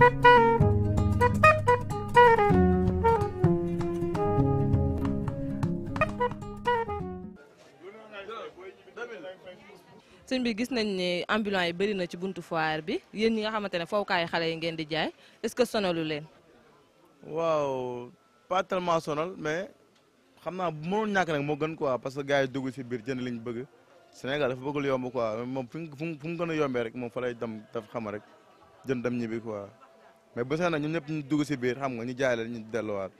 sëñ bi gis nañ ni ambulant yi bëri na ci buntu foire bi yéen ñi nga xamante ne fowkaayu xale yi ngeen di jaay est-ce que sonalu leen. waaw pas tellement sonal mais xam naa bu mënoon ñàkk nag moo gën quoi parce que gars yi dugg si biir jënd lañu bëgg Sénégal dafa bëggul yomb quoi moom fu mu fu gën a yombee rek moom fa lay dem daf xam rek jënd dem ñibbi quoi. mais bu sax nag ñun ñëpp ñu dugg si biir xam nga ñu jaay la ñu delluwaat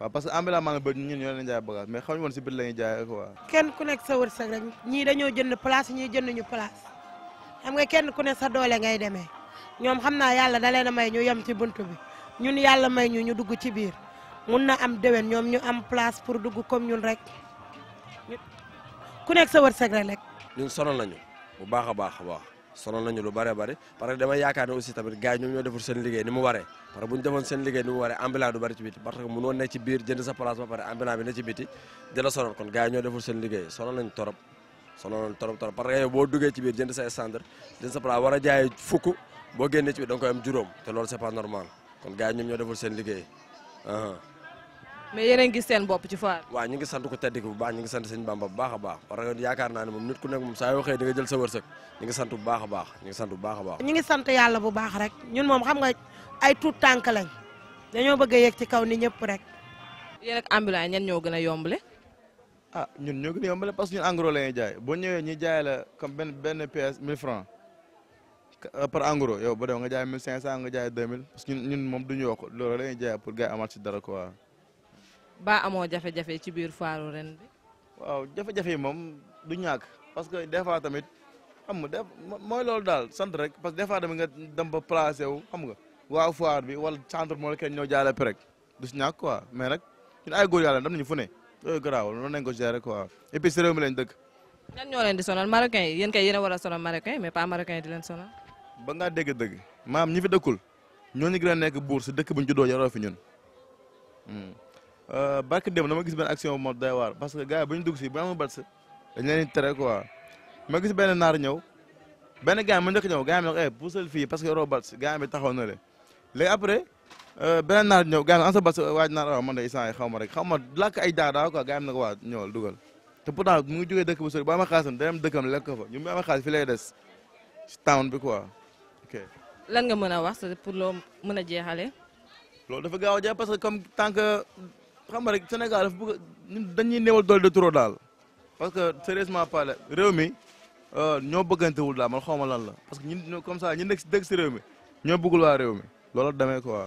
waaw parce que ambulant maanaam bëri ñun ñoo leen jaay bagage mais xamuñu woon si biir jaay quoi. kenn ku nekk sa wërsëg rek ñii dañoo jënd place ñii jënduñu place xam nga kenn ku ne sa doole ngay demee ñoom xam naa yàlla da leen may ñu yem ci bunt bi ñun yàlla may ñu ñu dugg ci biir mun na am déwén ñoom ñu am place pour dugg comme ñun rek ku nekk sa wërsëg rek. ñun sonal nañu bu baax a baax a baax. sonal nañu lu bare bari parce que yaakaar ne aussi tamit gars yi ñoom ñoo deful seen liggéey ni mu waree parce que bu ñu defoon seen liggéey ni mu waree ambulant du bari ci parce que mënoon ne ci biir sa place pare ambulant bi ne ci biti di kon gars ñoo deful seen liggéey sonal nañu torop sonal que yow boo duggee ci biir jënd sa standard jënd sa place war a jaay fukk boo génnee ci biir da nga koy juróom te lool c'est pas normal kon gars yi seen liggéey uh-huh. mais yéen a ngi gis seen bopp ci foire waaw ñu ngi sant ko bu baax ñu ngi sant Bamba bu baax a baax parce que yaakaar naa ne moom nit ku nekk moom saa yoo xëy di nga jël sa wërsëg ñu ngi sant bu baax a baax ñu ngi sant bu baax a baax ñu ngi sant yàlla bu baax rek ñun moom xam nga ay tuut tànk lañ dañoo bëgg a yegg ci kaw ni ñëpp rek yéen ak ambulance ñoo gën a yombale ah ñun ñoo gën a yombale parce que ñun en la ñuy jaay boo ñëwee ñu jaay la comme benn benn pièce 1000 francs euh, par en yow ba nga jaay nga jaay parce que ñun moom duñu yokk loolu la ñuy jaay pour gars amal ci dara quoi ba amoo jafe-jafe ci biir foire ren bi. waaw jafe-jafe yi moom du ñàkk parce que des fois tamit am nga def mooy loolu daal sant rek parce que des fois tamit nga dem ba placé wu xam nga waaw foire bi wala centre moo la kenn ñëw jaale prek du si ñàkk quoi mais rek ñun ay góor yàlla dem nañu fu ne loolu garaawul noonu nañ ko gérer quoi et puis si réew ñan ñoo leen di sonal marocain yi yéen kay yéen a war a sonal marocain mais pas marocain yi di leen sonal. ba ngaa dégg dëgg maam ñi fi dëkkul ñooñu gën a nekk buur si dëkk bu ñu juddoo yaroo fi ñun hmm. Euh, barke dem dama gis benn action moo doy waar parce que gars yi bu ñu dugg bats dañ leen tere quoi ma gis benn naar ñëw benn gars ma njëkk ñëw gars mi ne ko eh puusal fii parce que na le léegi euh, ah, xaw ma rek xaw ma làkk ay daadaa quoi gars ko waa ñëwal dugal te bu sori ba ama xaalisam day dem dëkkam lekk ko fa ñu bu ama xaalis fi bi quoi ok a wax a jeexale loolu dafa gaaw a jeex parce que comme tant xam nga rek Sénégal dafa bëgg dañuy néewal doole de trop daal parce que sérieusement parlé réew mi euh, ñoo bëggantewul daal ma xaw ma lan la parce que ñun comme ça ñu nekk si dëkk si réew mi ñoo bëggul waa réew mi loolu demee quoi.